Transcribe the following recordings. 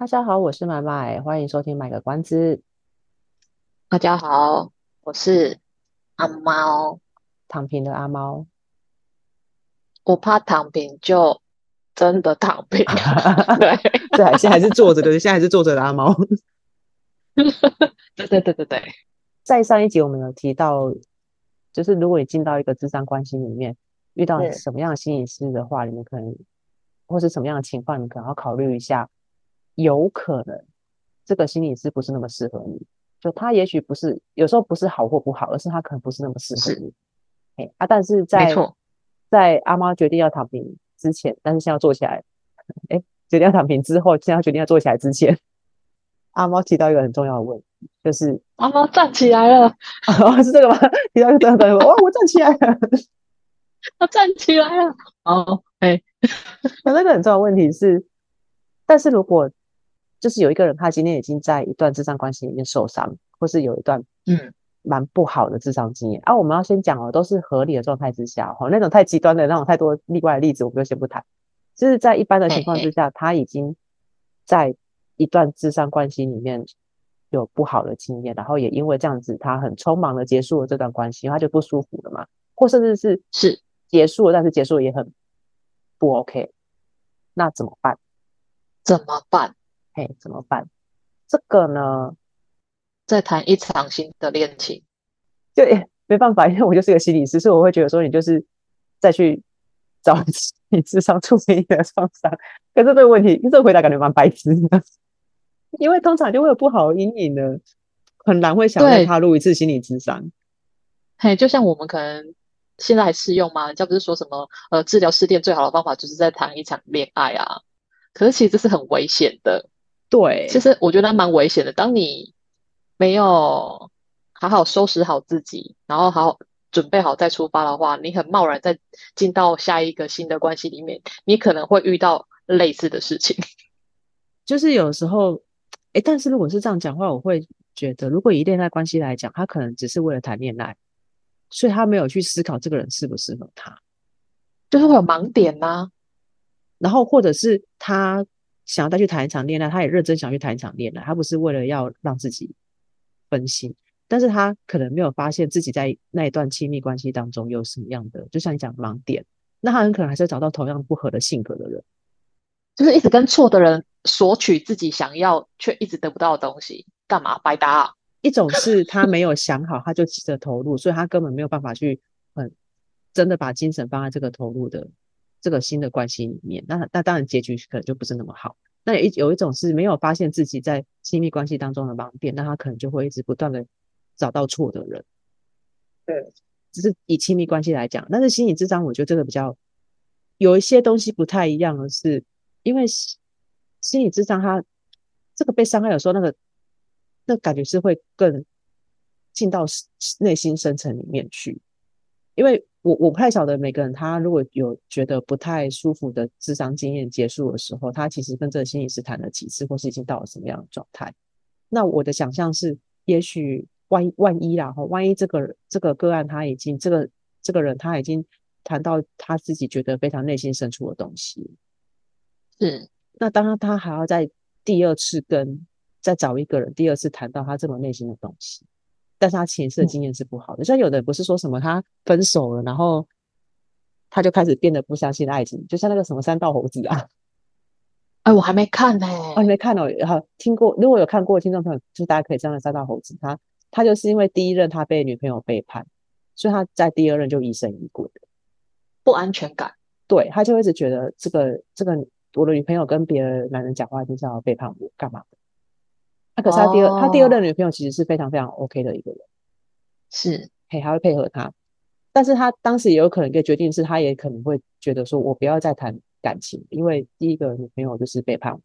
大家好，我是麥麥，ai, 歡迎收聽買個關子。大家好，我是阿貓，躺平的阿貓。我怕躺平，就真的躺平。 對, 對，現在還是坐着的， 現在還是坐着的阿貓。對 對對對對，在上一集我們有提到，就是如果你進到一個諮商關係裡面，遇到什麼樣的心理師的話，嗯、你們可能或是什麼樣的情況，你可能要考慮一下。有可能這個心理師不是那麼適合你，就他也許不是有時候不是好或不好，而是他可能不是那麼適合你。哎是、欸、啊！但是在錯在阿貓決定要躺平之前，但是先要坐起來。哎、欸，決定要躺平之後，現在決定要坐起來之前，阿貓提到一個很重要的問題，就是阿貓、啊、站起來了、哦，是這個嗎？提到一個。起來了，我站起來了， 我站起來了。哦，哎，那個很重要問題是，但是如果就是有一個人，他今天已經在一段諮商關係裡面受傷，或是有一段嗯蠻不好的諮商經驗、嗯、啊。我們要先講哦，都是合理的狀態之下哈，那種太極端的那種太多例外的例子，我們就先不談。就是在一般的情況之下，哎哎他已經在一段諮商關係裡面有不好的經驗，然後也因為這樣子，他很匆忙的結束了這段關係，他就不舒服了嘛，或甚至是結是，是結束了，但是結束也很不 OK，那怎麼辦？怎麼辦？嘿，怎麼辦？這個呢？再談一場新的戀情？就，對、欸，沒辦法，因為我就是個心理師，所以我會覺得說，你就是再去找心理諮商處理你的創傷。可是這個問題，這個回答感覺蠻白痴的，因為通常就會有不好的陰影呢，很難會想再踏入一次心理諮商。嘿，就像我們可能現在還適用嗎？人家不是說什麼呃，治療失戀最好的方法就是再談一場戀愛啊。可是其實這是很危險的。對，其實我覺得蠻危險的。當你沒有好好收拾好自己，然後好好準備好再出發的話，你很貿然再進到下一個新的關係裡面，你可能會遇到類似的事情。就是有時候，哎，但是如果是這樣講話，我會覺得，如果以戀愛關係來講，他可能只是為了談戀愛，所以他沒有去思考這個人適不適合他，就是會有盲點吶。然後，或者是他。想要再去談一場戀愛，他也認真想去談一場戀愛，他不是為了要讓自己分心，但是他可能沒有發現自己在那一段親密關係當中有什麼樣的，就像你講盲點，那他很可能還是找到同樣不合的性格的人，就是一直跟錯的人索取自己想要卻一直得不到的東西，幹嘛白搭啊？一種是他沒有想好， 他就急着投入，所以他根本沒有辦法去很、嗯、真的把精神放在這個投入的。這個新的關係裡面，那那當然結局可能就不是那麼好。那一有一種是沒有發現自己在親密關係當中的盲點，那他可能就會一直不斷的找到錯的人。對，只是以親密關係來講，但是心理諮商我覺得這個比較有一些東西不太一樣的是，因為心理諮商它這個被傷害的時候那個那感覺是會更進到內心深層裡面去，因為。我我不太曉得每個人，他如果有覺得不太舒服的諮商經驗結束的時候，他其實跟這個心理師談了幾次，或是已經到了什麼樣的狀態？那我的想象是，也許萬一萬一啦哈，萬一這個這個個案他已經這個這個人他已經談到他自己覺得非常內心深處的東西，是，那當然他還要再第二次跟再找一個人第二次談到他這麼內心的東西。但是他前世的經驗是不好的，像、嗯、有的不是說什麼他分手了，然後他就開始變得不相信愛情，就像那個什麼三道猴子啊，哎，我還沒看呢、欸，我還、哦、沒看哦，好，聽過，如果有看過的聽眾朋友，就大家可以知道三道猴子，他他就是因為第一任他被女朋友背叛，所以他在第二任就疑神疑鬼，不安全感，對，他就會一直覺得這個這個我的女朋友跟別的男人講話就是要背叛我，幹嘛？可是他第二、oh. 他第二任女朋友其實是非常非常 OK 的一個人，是嘿，還、hey, 會配合他，但是他當時也有可能一個決定是，他也可能會覺得說，我不要再談感情，因為第一個女朋友就是背叛我，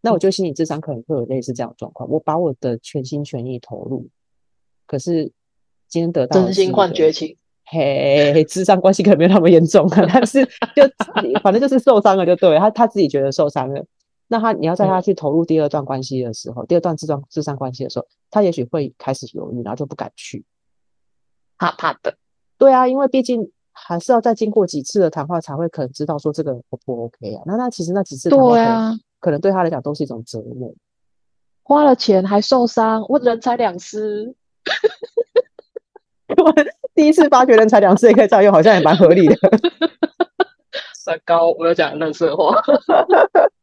那我就心理智商可能會有類似這樣狀況，嗯、我把我的全心全意投入，可是今天得到真心換絕情，嘿，hey, hey, 智商關係可能沒有那麼嚴重，可能 是就反正就是受傷了就對了，他他自己覺得受傷了。那他，你要在他去投入第二段關係的時候，嗯、第二段諮商關係的時候，他也許會開始猶豫，然後就不敢去。怕怕的，對啊，因為畢竟還是要再經過幾次的談話，才會可能知道說這個不不 OK 啊。那那其實那幾次談話，可能對他來講都是一種折磨。花了錢還受傷，我人財兩失。 我第一次發覺人財兩失這樣用好像也蠻合理的。三 高，我又講冷笑話。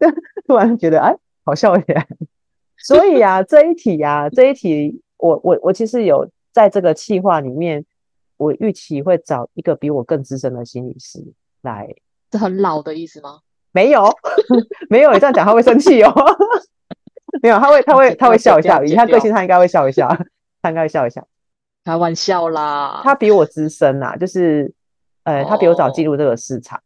突然覺得哎、欸，好笑一點。 所以啊，這一題呀、啊， 這一題，我我我其實有在這個企劃裡面，我預期會找一個比我更資深的心理師來。這很老的意思嗎？ 沒有， 沒有。你 這樣講，他會生氣哦、喔。 沒有，他會，他會，他，他會笑一笑。以他個性，他應該會笑一笑。他應該會笑一笑。開玩笑啦，他比我資深啦、啊，就是，呃，oh. 他比我早進入這個市場。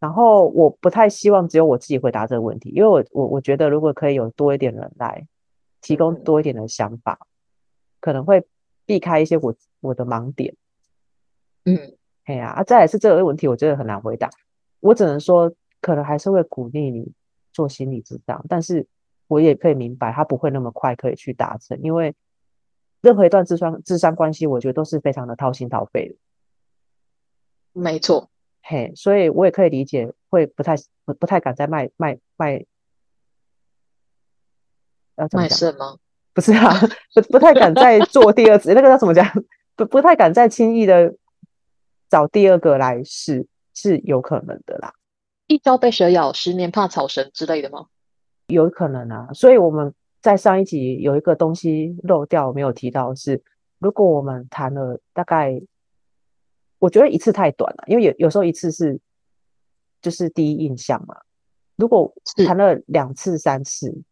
然後我不太希望只有我自己回答這個問題，因為我我我覺得如果可以有多一點人來提供多一點的想法，嗯、可能會避開一些我我的盲點。嗯，哎呀，啊，再來是這個問題，我真的很難回答。我只能說，可能還是會鼓勵你做心理指導，但是我也可以明白，他不會那麼快可以去達成，因為任何一段諮商諮商關係，我覺得都是非常的掏心掏肺的。沒錯。嘿，hey, 所以我也可以理解，會不太不不太敢再賣賣賣，要怎麼講，要賣腎嗎？不是啊， 不不太敢再做第二次， 那個要怎麼講？不不太敢再輕易的找第二個來試，是有可能的啦。一朝被蛇咬，十年怕草繩之類的嗎？有可能啊。所以我們在上一集有一個東西漏掉，沒有提到是，如果我們談了大概。我覺得一次太短了，因為有有時候一次是就是第一印象嘛。如果談了兩次三次，是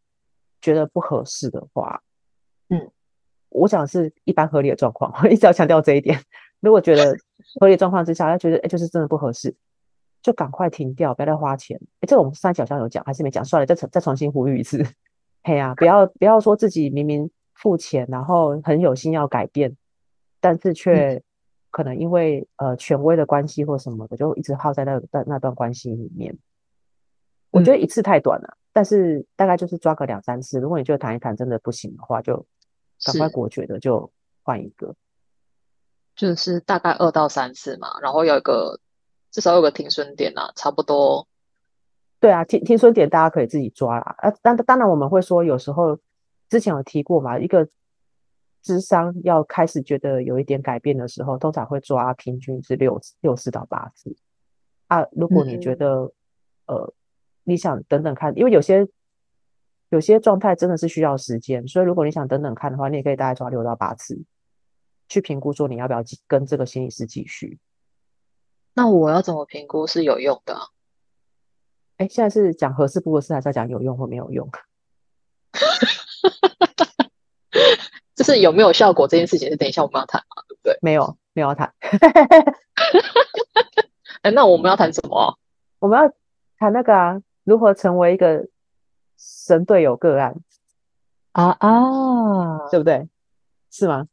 覺得不合適的話，嗯，我講的是一般合理的狀況，我一直要強調這一點。如果覺得合理的狀況之下，他覺得誒就是真的不合適，就趕快停掉，不要再花錢。誒，這我們三角上有講還是沒講？算了，再重再重新呼籲一次。嘿呀、 啊，不要不要說自己明明付錢，然後很有心要改變，但是卻。嗯可能因為呃權威的關係或什麼的，我就一直耗在那那那段關係裡面。我覺得一次太短了，嗯，但是大概就是抓個兩三次。如果你覺得談一談真的不行的話，就趕快果決的就換一個，就是大概二到三次嘛，然後有一個至少有個停損點啊，差不多。對啊，停停損點大家可以自己抓啦。啊，當當然我們會說，有時候之前有提過嘛，一個。諮商要開始覺得有一點改變的時候，通常會抓平均是六六次到八次啊。如果你覺得、嗯、呃，你想等等看，因為有些有些狀態真的是需要時間，所以如果你想等等看的話，你也可以大概抓六到八次去評估，說你要不要跟這個心理師繼續。那我要怎麼評估是有用的、啊？哎、欸，現在是講合適不合適，還是要講有用或沒有用？ 是有沒有效果這件事情，是等一下我們要談嘛、啊，對不對？沒有，沒有要談。哎， 那我們要談什麼？我們要談那個、啊、如何成為一個神隊友個案啊啊，對、啊、不對？是嗎？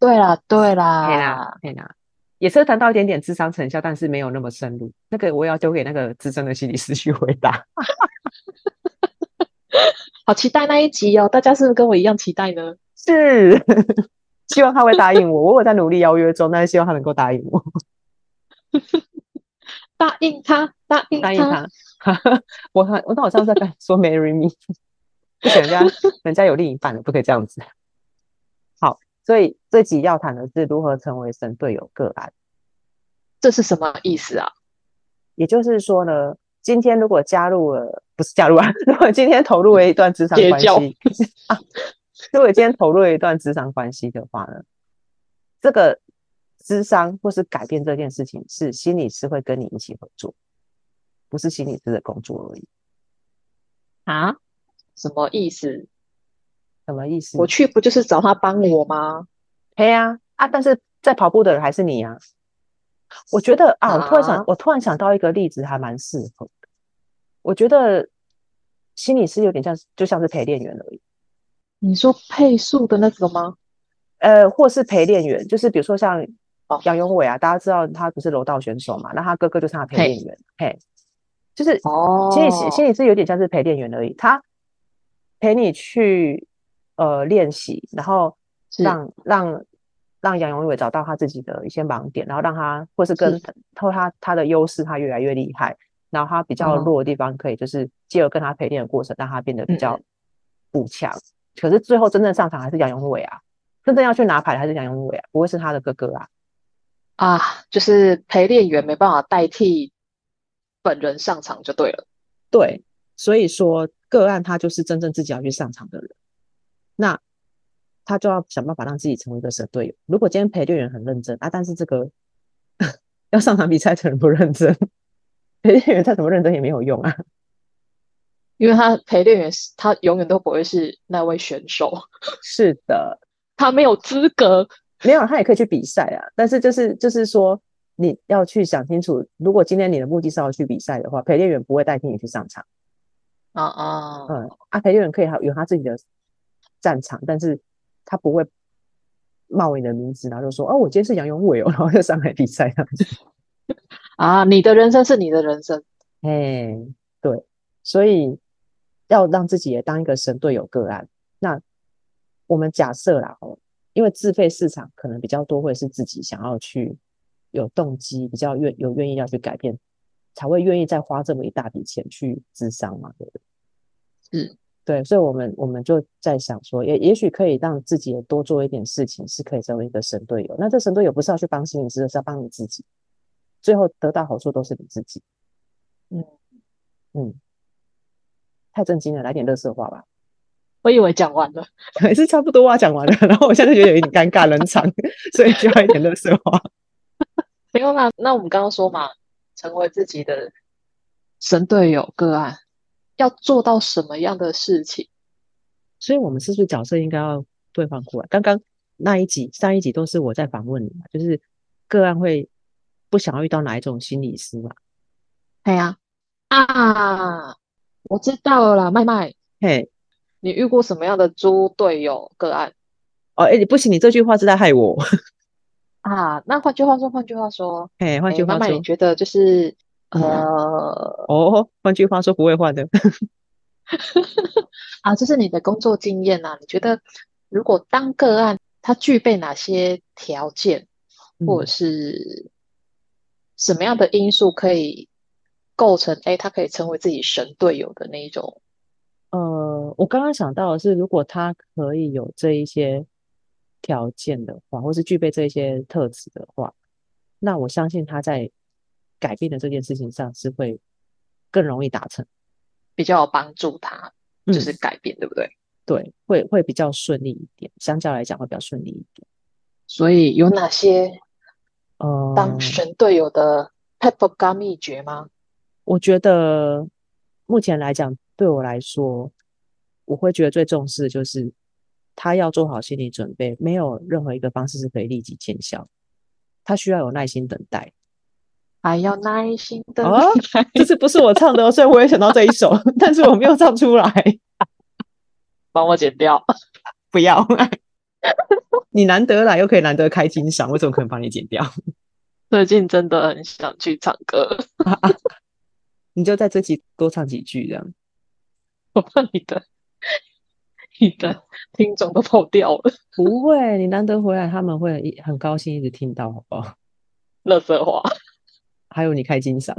對啦，對啦，天哪，天哪，也是談到一點點諮商成效，但是沒有那麼深入。那個我要丟給那個資深的心理師去回答。 好期待那一集哦，大家是不是跟我一樣期待呢？是，希望他會答應我。我有在努力邀約中， 但是希望他能夠答應我。 答應他，答應他。應他 我我好像在說 “marry me”，不行， 人家，人家有另一半了，不可以這樣子。好，所以這集要談的是如何成為神隊友個案。這是什麼意思啊？也就是說呢，今天如果加入了，不是加入啊，如果今天投入了一段諮商關係叫啊。以我 今天投入一段諮商關係的話呢，這個諮商或是改變這件事情，是心理師會跟你一起合作，不是心理師的工作而已。啊？什麼意思？什麼意思？我去不就是找他幫我嗎？對呀，啊，啊！但是在跑步的人還是你呀，啊。我覺得啊，啊，我突然想，我突然想到一個例子，還蠻適合的。我覺得心理師有點像，就像是陪練員而已。你說配速的那個嗎？呃，或是陪練員，就是比如說像楊永偉啊，哦、大家知道他不是柔道選手嘛，那他哥哥就是他陪練員，嘿，嘿，就是心理哦，心理心理是有點像是陪練員而已，他陪你去呃練習，然後讓是讓讓，讓楊永偉找到他自己的一些盲點，然後讓他或是跟他透他他的優勢，他越來越厲害，然後他比較弱的地方可以就是借而跟他陪練的過程，嗯、讓他變得比較補強。可是最後真正上場還是楊永偉啊，真正要去拿牌還是楊永偉啊，不會是他的哥哥啊。啊，就是陪練員沒辦法代替本人上場就對了。對，所以說個案他就是真正自己要去上場的人，那他就要想辦法讓自己成為一個神隊友。如果今天陪練員很認真啊，但是這個要上場比賽的人不認真，陪練員再怎麼認真也沒有用啊。因為他陪練員，他永遠都不會是那位選手。是的，他沒有資格。沒有，他也可以去比賽啊。但是，就是就是說，你要去想清楚，如果今天你的目的是要去比賽的話，陪練員不會代替你去上場。啊啊，嗯，啊陪練員可以有他自己的戰場，但是他不會冒你的名字，然後就說：“哦，我今天是楊永偉哦。”然後就上來比賽。啊，你的人生是你的人生。哎，對，所以。要讓自己也當一個神隊友個案。那我們假設啦，因為自費市場可能比較多，會是自己想要去有動機，比較願有願意要去改變，才會願意再花這麼一大筆錢去諮商嘛。對，嗯，對，所以，我們我們就在想說，也也許可以讓自己也多做一點事情，是可以成為一個神隊友。那這神隊友不是要去幫心理師，是是要幫你自己，最後得到好處都是你自己。嗯嗯。太震驚了，來點垃圾話吧。我以為講完了，還 是差不多啊，講完了。然後我現在就覺得有點尷尬，冷場， 所以就來一點垃圾話。沒有啦，那我們剛剛說嘛，成為自己的神隊友個案，要做到什麼樣的事情？所以我們是不是角色應該要對換過來？剛剛那一集，上一集都是我在訪問你嘛，就是個案會不想要遇到哪一種心理師嘛？對，哎，呀。啊。我知道了啦，麥麥。嘿，Hey. 你遇過什麼樣的豬隊友個案？哦、oh, 欸，哎，你不行，你這句話是在害我啊！那換句話說，換句話說，哎，換句話說，欸、麥麥，你覺得就是、嗯、呃……哦，換句話說，不會換的。 啊，這、就是你的工作經驗吶、啊？你覺得如果當個案，它具備哪些條件，嗯、或者是什麼樣的因素可以？構成誒、欸，他可以成為自己神隊友的那一種。呃，我剛剛想到的是，如果他可以有這一些條件的話，或是具備這一些特質的話，那我相信他在改變的這件事情上是會更容易達成，比較有幫助他就是改變，嗯、對不對？對，會會比較順利一點，相較來講會比較順利一點。所以有哪些呃，當神隊友的撇步秘訣嗎？我覺得目前來講，對我來說，我會覺得最重視的就是他要做好心理準備，沒有任何一個方式是可以立即見效，他需要有耐心等待，還要 I have、啊、耐心等待。啊、這次不是我唱的哦，雖然我也想到這一首， 但是我沒有唱出來。幫我剪掉，不要。 你難得來，又可以難得開金嗓，我怎麼可能幫你剪掉？最近真的很想去唱歌。啊啊你就在這集多唱幾句這樣，我怕你的你的聽眾都跑掉了。不會，你難得回來，他們會一很高興一直聽到，好不好？垃圾話，還有你開金嗓。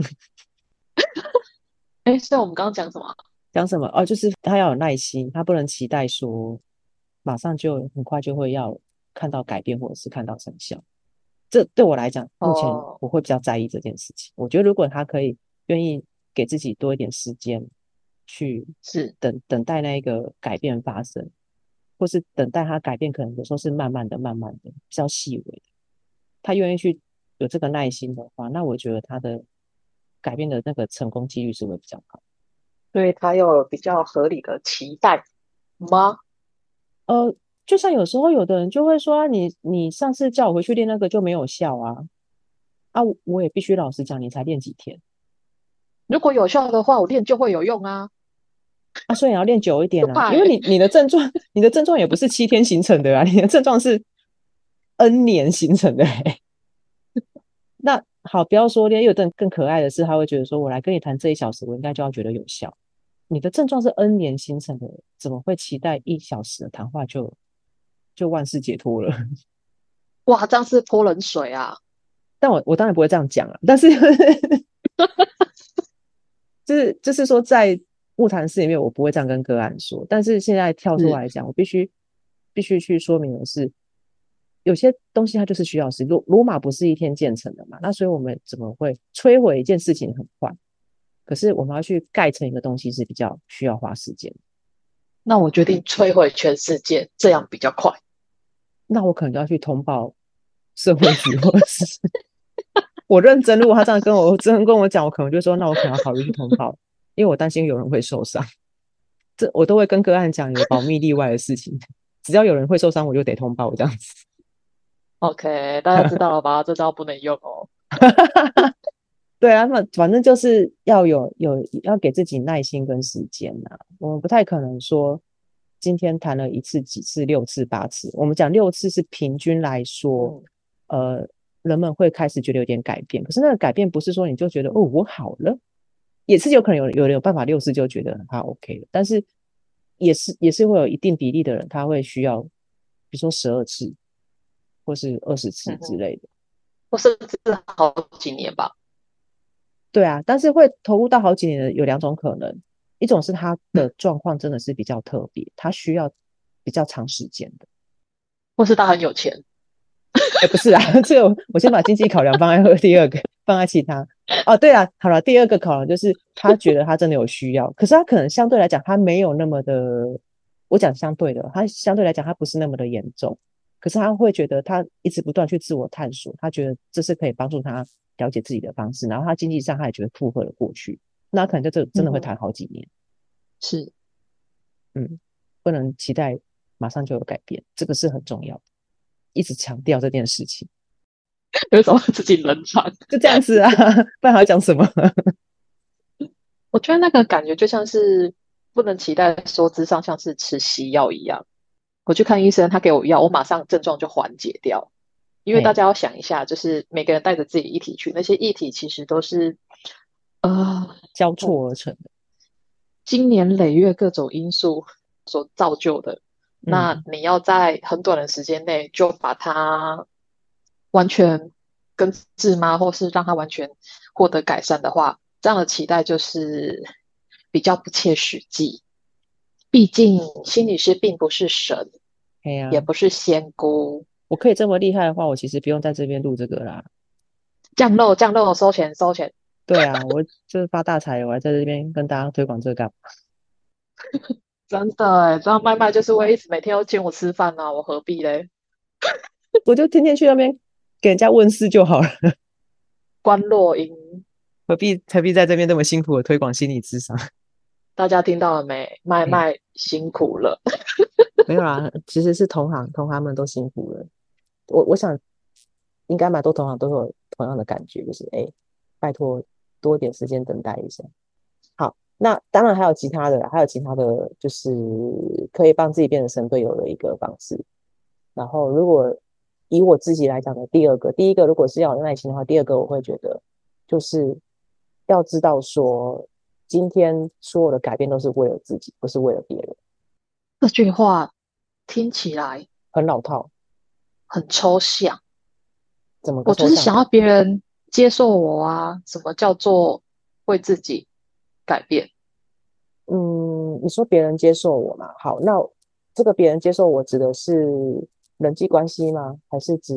哎、欸，是我們剛剛講什麼？講什麼？哦，就是他要有耐心，他不能期待說馬上就很快就會要看到改變或者是看到成效。這對我來講，目前我會比較在意這件事情。哦、我覺得如果他可以願意。給自己多一點時間去等，是等等待那一個改變發生，或是等待他改變，可能有時候是慢慢的、慢慢的比較細微的。他願意去有這個耐心的話，那我覺得他的改變的那個成功幾率是會比較高。對他有比較合理的期待嗎？呃，就像有時候有的人就會說，啊、你你上次叫我回去練那個就沒有效啊啊！我也必須老實講，你才練幾天。如果有效的話，我練就會有用啊！啊，所以你要練久一點，啊，欸、因為你你的症狀，你的症狀也不是七天形成的啊，你的症狀是 N 年形成的，欸。 那好，不要說練。又更更可愛的是，他會覺得說：“我來跟你談這一小時，我應該就要覺得有效。”你的症狀是 N 年形成的，怎麼會期待一小時的談話就就萬事解脫了？哇，這樣是潑冷水啊！但我我當然不會這樣講啊，但是。 就是就是說，在晤談室裡面，我不會這樣跟個案說。但是現在跳出來講，嗯、我必須必須去說明的是，有些東西它就是需要時間。羅馬不是一天建成的嘛，那所以我們怎麼會摧毀一件事情很快？可是我們要去蓋成一個東西是比較需要花時間。那我決定摧毀全世界，嗯、這樣比較快。那我可能就要去通報社會局或者是。 我認真，如果他這樣跟我 真跟我講，我可能就說，那我可能要考慮去通報， 因為我擔心有人會受傷。這我都會跟個案講有保密例外的事情，只要有人會受傷，我就得通報這樣子。OK，大家知道了吧？ 這招不能用哦。對， 對啊，那反正就是要有有要給自己耐心跟時間吶、啊。我們不太可能說今天談了一次、幾次、六次、八次。我們講六次是平均來說，嗯、呃。人們會開始覺得有點改變，可是那個改變不是說你就覺得哦，我好了，也是有可能有有有辦法六次就覺得他 OK 了，但是也是也是會有一定比例的人，他會需要，比如說十二次，或是二十次之類的，或是、嗯、好幾年吧。對啊，但是會投入到好幾年的有兩種可能，一種是他的狀況真的是比較特別，嗯、他需要比較長時間的，或是他很有錢。欸、不是啊， 這個我先把經濟考量放在第二個， 放在其他。哦，對啊，好了，第二個考量就是他覺得他真的有需要， 可是他可能相對來講他沒有那麼的，我講相對的，他相對來講他不是那麼的嚴重，可是他會覺得他一直不斷去自我探索，他覺得這是可以幫助他了解自己的方式，然後他經濟上他也覺得負荷了過去，那可能在這真的會談好幾年。嗯、是，嗯，不能期待馬上就有改變，這個是很重要的。一直強調這件事情，有時候自己冷場，就這樣子啊， 不然還要講什麼？ 我覺得那個感覺就像是不能期待說，諮商像是吃西藥一樣。我去看醫生，他給我藥，我馬上症狀就緩解掉。因為大家要想一下，哎、就是每個人帶着自己議題去，那些議題其實都是啊、呃、交錯而成的，經年累月各種因素所造就的。那你要在很短的時間內就把它完全根治嗎？嗯、或是讓它完全獲得改善的話，這樣的期待就是比較不切實際。畢竟心理師並不是神，啊、也不是仙姑。我可以這麼厲害的話，我其實不用在這邊錄這個啦。降肉降肉收錢收錢。收錢對啊，我就是發大財， 我還在這邊跟大家推廣這個幹嘛？ 真的哎、欸，然賣麥麥就是會一直每天要請我吃飯吶、啊，我何必嘞？ 我就天天去那邊給人家問事就好了。觀落陰，何必何必在這邊這麼辛苦的推廣心理諮商？大家聽到了沒？麥麥辛苦了。欸、 沒有啊，其實是同行同行們都辛苦了。我我想應該蠻多同行都有同樣的感覺，就是誒、欸、拜托多一點時間等待一下。那當然還有其他的，還有其他的就是可以幫自己變成神隊友的一個方式。然後，如果以我自己來講的，第二個，第一個如果是要有耐心的話，第二個我會覺得就是要知道說，今天所有的改變都是為了自己，不是為了別人。這句話聽起來很老套，很抽象。怎麼？我就是想要別人接受我啊！什麼叫做為自己？改變，嗯，你說別人接受我嘛？好，那這個別人接受我指的是人際關係嗎？還是指？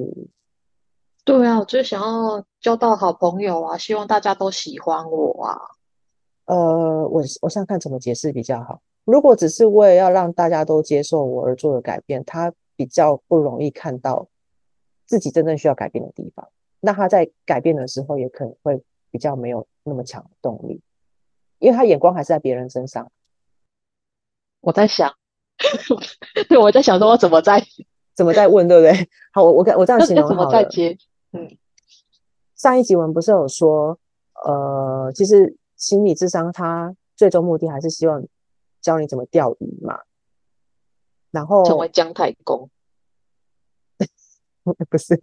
對啊，我就想要交到好朋友啊，希望大家都喜歡我啊。呃，我我想看怎麼解釋比較好。如果只是為了要讓大家都接受我而做的改變，他比較不容易看到自己真正需要改變的地方。那他在改變的時候，也可能會比較沒有那麼強的動力。因為他眼光還是在別人身上。我在想，對， 我在想，說我怎麼在 怎麼在問，對不對？好，我我我這樣形容好了。怎麼在接？嗯，上一集我們不是有說，呃，其實心理諮商它最終目的還是希望教你怎麼釣魚嘛，然後成為姜太公， 不是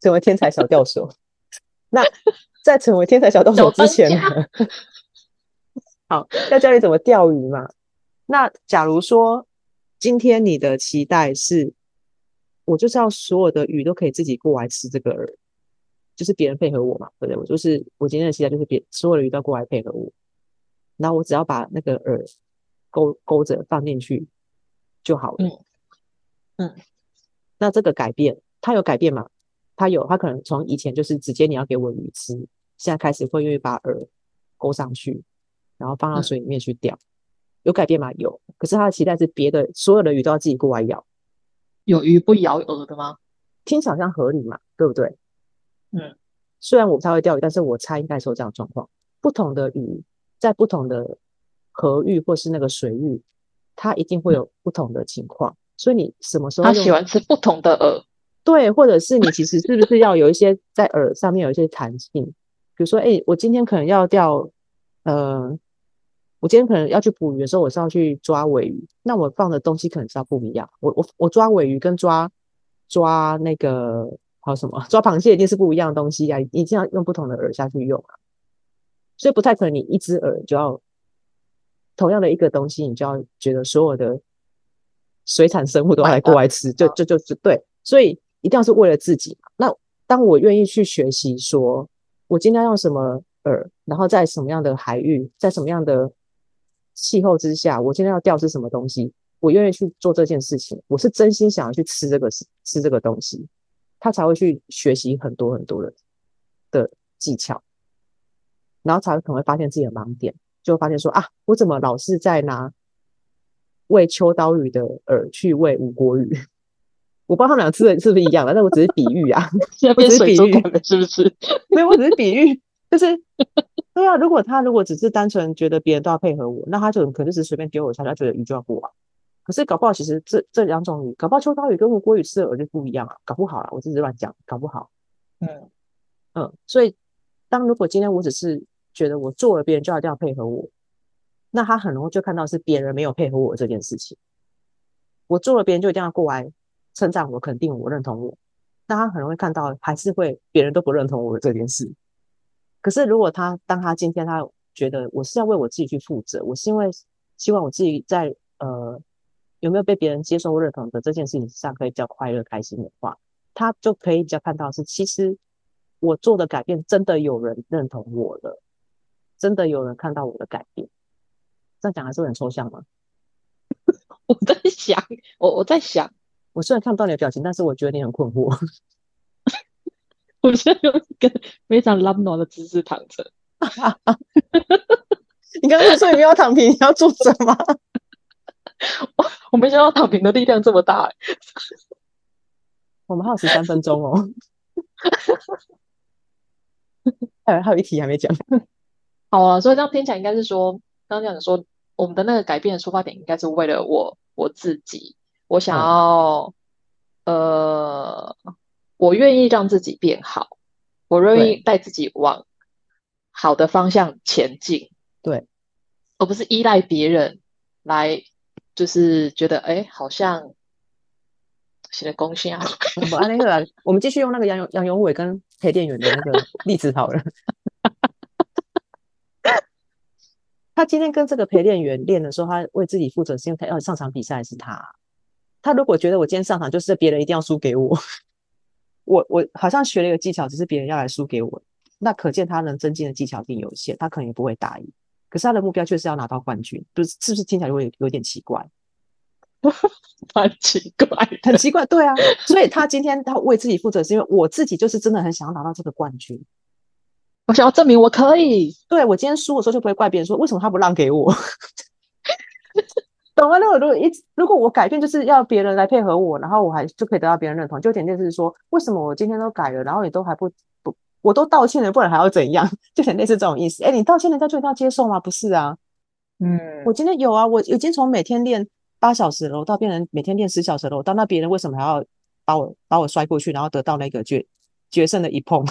成為天才小釣手。 那在成為天才小釣手之前呢？ 好，要教你怎麼釣魚嘛？那假如說今天你的期待是，我就是要所有的魚都可以自己過來吃這個餌，就是別人配合我嘛，對不對？我就是我今天的期待就是別所有的魚都要過來配合我，然後我只要把那個餌勾勾着放進去就好了。嗯，那這個改變，它有改變嘛？它有，它可能從以前就是直接你要給我魚吃，現在開始會願意把餌勾上去。然後放到水裡面去釣，嗯、有改變嗎？有，可是他的期待是別的所有的魚都要自己過來咬。有魚不咬餌的嗎？聽起來像合理嘛，對不對？嗯，雖然我不太會釣魚，但是我猜應該是有這樣狀況，不同的魚在不同的河域或是那個水域，它一定會有不同的情況。嗯、所以你什麼時候他，他喜歡吃不同的餌？對，或者是你其實是不是要有一些在餌上面有一些彈性？ 比如說，哎、欸，我今天可能要釣，呃。我今天可能要去捕魚的時候，我是要去抓鮪魚，那我放的東西可能是要不一樣。我我我抓鮪魚跟抓抓那個還有什麼抓螃蟹一定是不一樣的東西呀、啊，一定要用不同的餌下去用啊。所以不太可能你一隻餌就要同樣的一個東西，你就要覺得所有的水產生物都要來過來吃，就就就是對。所以一定要是為了自己嘛。那當我願意去學習說，我今天要用什麼餌，然後在什麼樣的海域，在什麼樣的。氣候之下，我現在要釣是什麼東西？我願意去做這件事情，我是真心想要去吃這個吃這個東西，他才會去學習很多很多的的技巧，然後才會可能會發現自己的盲點，就會發現說啊，我怎麼老是在拿餵秋刀魚的餌去餵吳郭魚？我不知道他們倆吃的是不是一樣的， 但我只是比喻啊，我只是比喻，是不是？ 對，我只是比喻。就 是，對啊，如果他如果只是單純覺得別人都要配合我，那他就可能只是隨便丟我一下，他就覺得魚就要過啊。可是搞不好其實這這兩種魚，搞不好秋刀魚跟吳郭魚吃的餌就不一樣啊。搞不好啦，我自己亂講，搞不好。嗯嗯，所以當如果今天我只是覺得我做了，別人就一定要配合我，那他很容易就看到是別人沒有配合我這件事情。我做了，別人就一定要過來稱讚我，肯定我認同我，那他很容易看到還是會別人都不認同我的這件事。可是，如果他當他今天他覺得我是要為我自己去負責，我是因為希望我自己在呃有沒有被別人接受認同的這件事情上可以比較快樂開心的話，他就可以比較看到是其實我做的改變真的有人認同我了，真的有人看到我的改變。這樣講還是很抽象嗎？我我？我在想，我我在想，我雖然看不到你的表情，但是我覺得你很困惑。我是用一個非常拉不牢的姿勢躺着。 你剛剛說你不要躺平， 你要做什麼？我沒想到躺平的力量這麼大、欸。我們還有十三分鐘哦、喔。還有 還有一題還沒講。好啊，所以這樣聽起來應該是說，剛剛講的說，我們的那個改變的出發點，應該是為了我我自己，我想要、嗯、呃。我願意讓自己變好，我願意帶自己往好的方向前進，對，而不是依賴別人來，就是覺得哎、欸，好像起、啊、 了貢獻。我們繼續用那個楊勇、楊勇偉跟陪練員的那個例子好了。 他今天跟這個陪練員練的時候，他為自己負責，是因為他要上場比賽，是他。他如果覺得我今天上場，就是別人一定要輸給我。我我好像學了一個技巧，只是別人要來輸給我，那可見他能增進的技巧一定有限，他可能也不會答應。可是他的目標卻是要拿到冠軍，不，就是？是不是聽起來有有有點奇怪？蠻 奇怪，很奇怪，對啊。所以他今天他為自己負責，是因為我自己就是真的很想要拿到這個冠軍，我想要證明我可以。對，我今天輸的時候就不會怪別人說，為什麼他不讓給我。 本來如果，一直如果我改變，就是要別人來配合我，然後我還就可以得到別人認同，就有點就是說為什麼我今天都改了，然後你都還不不我都道歉了，不然還要怎樣？就有點類似這種意思。哎、欸，你道歉人家就一定要接受嗎？不是啊，嗯，我今天有啊，我已經從每天練八小時了，我到變成每天練十小時了，我到那別人為什麼還要把我把我摔過去，然後得到那個決決勝的一碰？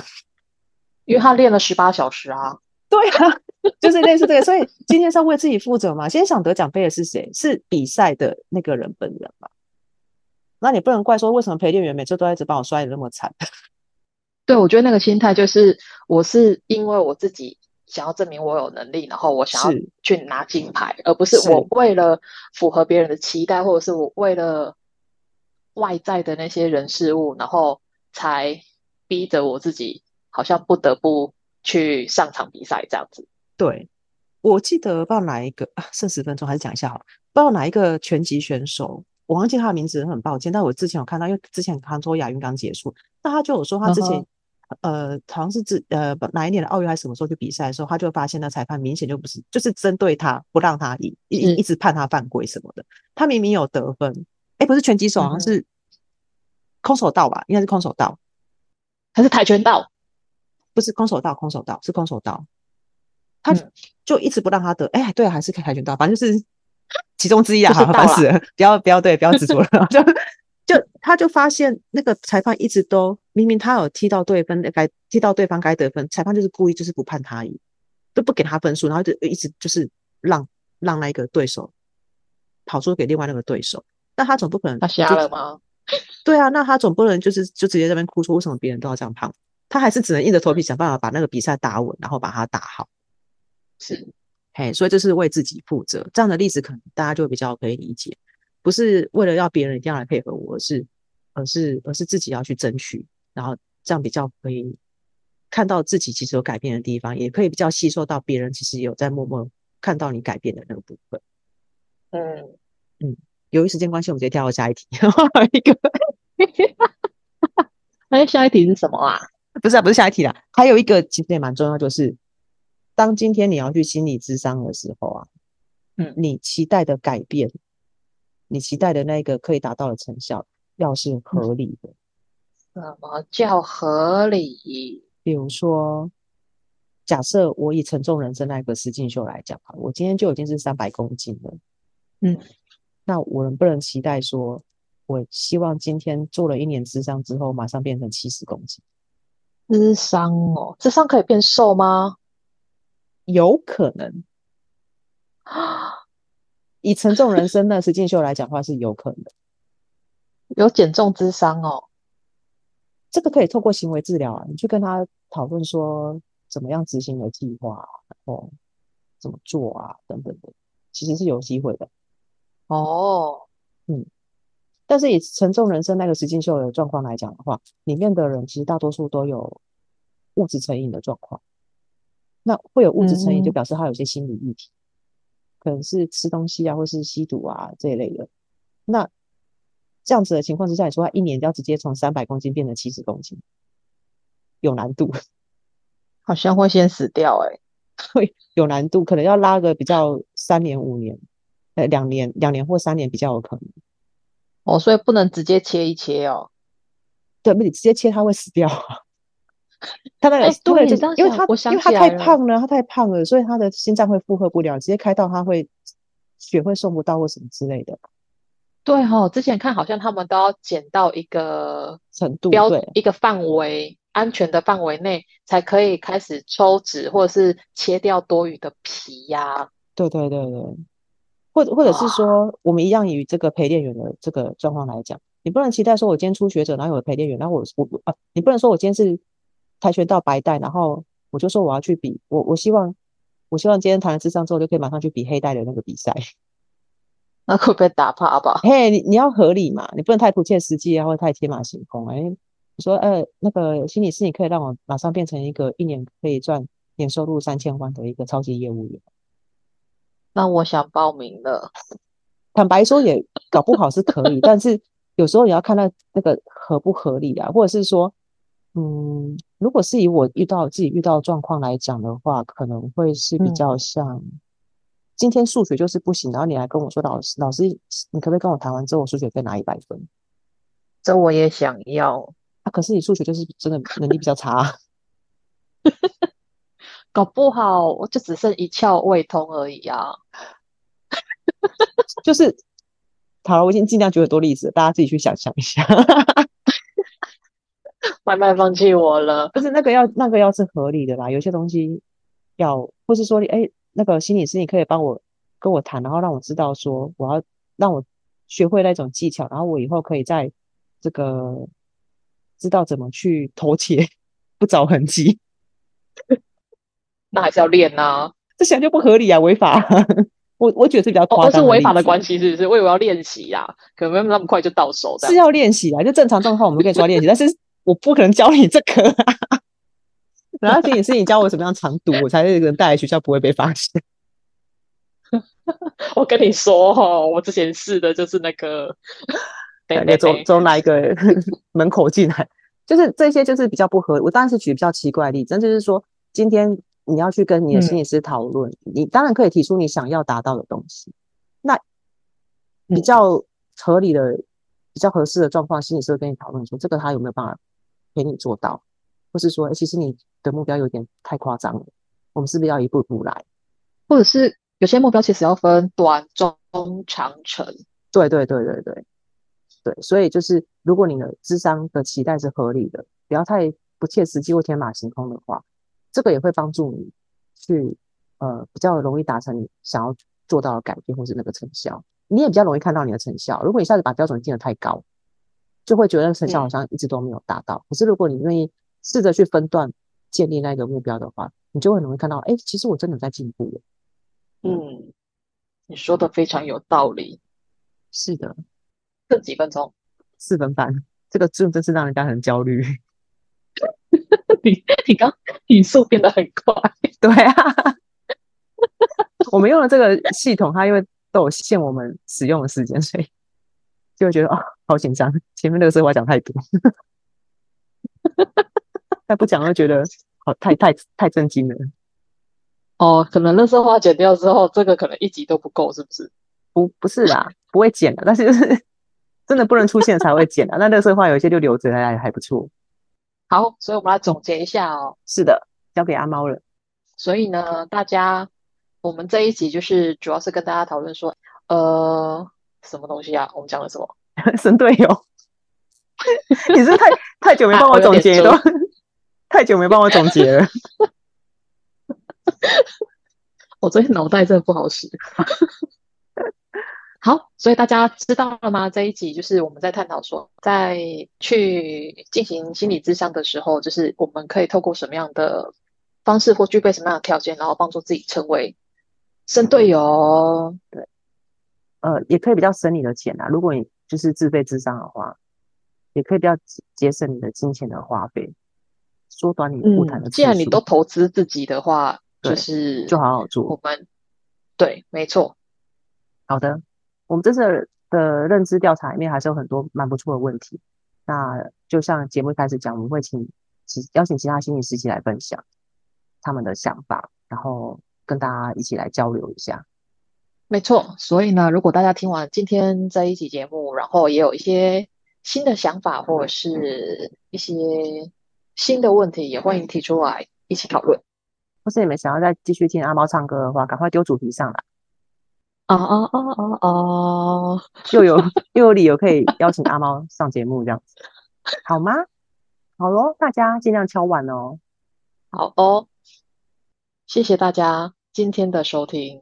因為他練了十八小時啊。 對啊。 就是類似這個，所以今天是要為自己負責嘛。先想得獎盃的是誰？是比賽的那個人本人嘛？那你不能怪說為什麼陪練員每次都在一直把我摔得那麼慘。對，我覺得那個心態就是，我是因為我自己想要證明我有能力，然後我想要去拿金牌，是而不是我為了符合別人的期待，或者是我為了外在的那些人事物，然後才逼着我自己好像不得不去上場比賽這樣子。對，我記得不知道哪一個、啊、剩十分鐘還是講一下好了。不知道哪一個拳擊選手，我忘記他的名字，很抱歉。但我之前有看到，因為之前杭州亞運剛結束，那他就有說他之前、uh huh. 呃，好像是自呃哪一年的奧運還是什麼時候去比賽的時候，他就發現那裁判明顯就不是，就是針對他，不讓他贏，一直判他犯規什麼的。Uh huh. 他明明有得分，哎、欸，不是拳擊手，好像是空手道吧？應該是空手道，還是跆拳道？Huh. 不是空手道，空手道是空手道。他就一直不讓他得，哎、欸，對、啊，還是開跆拳道，反正就是其中之一啊，煩死了！不要不要，對，不要執着了。 就就他就發現那個裁判，一直都明明他有踢到對分該踢到對方該得分，裁判就是故意就是不判他贏，都不給他分數，然後就一直就是讓讓那一個對手跑出給另外那個對手。那他總不可能他瞎了嗎？對啊，那他總不能就是就直接在那邊哭說為什麼別人都要這樣判，他還是只能硬着頭皮想辦法把那個比賽打穩，然後把它打好。是，嘿，所以這是為自己負責。這樣的例子可能大家就會比較可以理解，不是為了要別人一定要來配合我，而是而是而是自己要去爭取，然後這樣比較可以看到自己其實有改變的地方，也可以比較吸收到別人其實有在默默看到你改變的那個部分。嗯嗯。由於時間關係，我們直接跳到下一題。呵呵一個，哎， 下一題是什麼啊？不是啊，不是下一題啦，還有一個其實也蠻重要，就是。當今天你要去心理諮商的時候啊，嗯，你期待的改變，你期待的那個可以達到的成效，要是合理的。什麼叫合理？比如說，假設我以沉重人生那個石進秀來講啊，我今天就已經是三百公斤了，嗯，那我能不能期待說，我希望今天做了一年諮商之後，馬上變成七十公斤？諮商哦，諮商可以變瘦嗎？有可能啊，以沉重人生呢實境秀來講的話是有可能的， 有減重諮商哦。這個可以透過行為治療啊，你去跟他討論說怎麼樣執行的計劃，然後怎麼做啊等等的，其實是有機會的。哦，嗯，但是以沉重人生那個實境秀的狀況來講的話，裡面的人其實大多數都有物質成癮的狀況。那會有物質成癮，就表示他有些心理議題，嗯、可能是吃東西啊，或是吸毒啊這一類的。那這樣子的情況之下，你說他一年就要直接從三百公斤變成七十公斤，有難度。好像會先死掉誒、欸、會 有難度，可能要拉個比較三年五年，呃，兩年兩年或三年比較有可能。哦，所以不能直接切一切哦。對，不你直接切他會死掉。他的、那個哎、對，那個因為他因為他太胖了，了他太胖了，所以他的心臟會負荷不了，直接開到他會血會送不到或什麼之類的。對哈、哦，之前看好像他們都要減到一個程度標準一個範圍、嗯、安全的範圍內才可以開始抽脂或者是切掉多餘的皮呀、啊。對對對對，或者或者是說，哇我們一樣以這個陪練員的這個狀況來講，你不能期待說，我今天初學者，然後有陪練員，然後我我啊，你不能說我今天是。跆拳道白帶，然後我就說我要去比，我我希望我希望今天談了諮商之後，就可以馬上去比黑帶的那個比賽，那會被打怕吧？嘿、hey，你要合理嘛，你不能太不切實際啊，或太天馬行空。哎、欸，你說呃、欸，那個心理師，你可以讓我馬上變成一個一年可以賺年收入三千萬的一個超級業務員？那我想報名了。坦白說，也搞不好是可以， 但是有時候你要看那那個合不合理啊，或者是說。嗯，如果是以我遇到自己遇到的狀況來講的話，可能會是比較像、嗯、今天數學就是不行，然後你來跟我說老師，老師，你可不可以跟我談完之後，我數學可以拿一百分？這我也想要啊，可是你數學就是真的能力比較差， 搞不好我就只剩一竅未通而已啊。 就是好了、啊，我已經盡量舉很多例子，大家自己去想象一下。 麥麥放棄我了，不是那個要那個要是合理的啦。有些東西要，或是說你誒、欸、那個心理師，你可以幫我跟我談，然後讓我知道說我要讓我學會那種技巧，然後我以後可以再這個知道怎麼去偷竊不著痕跡。 那還是要練吶、啊，這些就不合理啊，違法、啊。 我我覺得是比較誇張，哦、都是違法的關係，是不是？我以為什麼要練習呀？可能沒有那麼快就到手，是要練習啊。就正常狀況，我們可以說練習， 但是。我不可能教你這個、啊， 然後心理師你教我怎麼樣藏毒， 我才能帶來學校不會被發現。 我跟你說哈，我之前試的就是那個，從從 哪，哪一個 門口進來， 就是這些就是比較不合理。我當然是舉比較奇怪的例子，那就是說，今天你要去跟你的心理師討論，嗯、你當然可以提出你想要達到的東西，那比較合理的、嗯、比較合適的狀況，心理師會跟你討論說，這個他有沒有辦法。陪你做到，或是說、欸，其實你的目標有點太誇張了。我們是不是要一步一步來？或者是有些目標其實要分短、中、長程。對對對對對，對，所以就是如果你的諮商的期待是合理的，不要太不切實際或天馬行空的話，這個也會幫助你去呃比較容易達成你想要做到的改變或是那個成效。你也比較容易看到你的成效。如果你一下子把標準定得太高。就會覺得成效好像一直都沒有達到。嗯、可是如果你願意試着去分段建立那個目標的話，你就很容易看到，哎，其實我真的在進步。嗯、嗯，你說的非常有道理。是的，這幾分鐘四分半，這個 Zoom 真是讓人家很焦慮。 你你剛語速變得很快。 對啊， 我們用了這個系統，它因為都有限我們使用的時間，所以。就會覺得啊、哦，好緊張。前面那個垃圾話講太多，再 不講又覺得好、哦、太太太正經了。哦，可能那垃圾話剪掉之後，這個可能一集都不夠，是不是？不，不是啦，不會剪的。 但是、就是、真的不能出現才會剪的。 那垃圾話有一些就留着，還還不錯。好，所以我們要總結一下哦。是的，交給阿貓了。所以呢，大家，我們這一集就是主要是跟大家討論說，呃。什麼東西呀、啊？我們講了什麼？神隊友？ 你是，是太 太久沒幫、啊、我 沒總結了，太久沒幫我總結了。我昨天腦袋真的不好使。 好，所以大家知道了嗎？這一集就是我們在探討說，在去進行心理諮商的時候，就是我們可以透過什麼樣的方式或具備什麼樣的條件，然後幫助自己成為神隊友。嗯、對。呃，也可以比較省你的錢啦。如果你就是自費諮商的話，也可以比較節省你的金錢的花費，縮短你晤談的，嗯。既然你都投資自己的話，對就是就好好做。我們對，沒錯。好的，我們這次的認知調查裡面還是有很多蠻不錯的問題。那就像節目一開始講，我們會請其邀請其他心理師一起來分享他們的想法，然後跟大家一起來交流一下。沒錯，所以呢，如果大家聽完今天這一期節目，然後也有一些新的想法或者是一些新的問題，也歡迎提出來一起討論。或是你們想要再繼續聽阿貓唱歌的話，趕快丟主題上來。哦哦哦哦哦，又有又有理由可以邀請阿貓上節目這樣子， 好嗎？好嘍，大家盡量敲完哦。好哦，謝謝大家今天的收聽。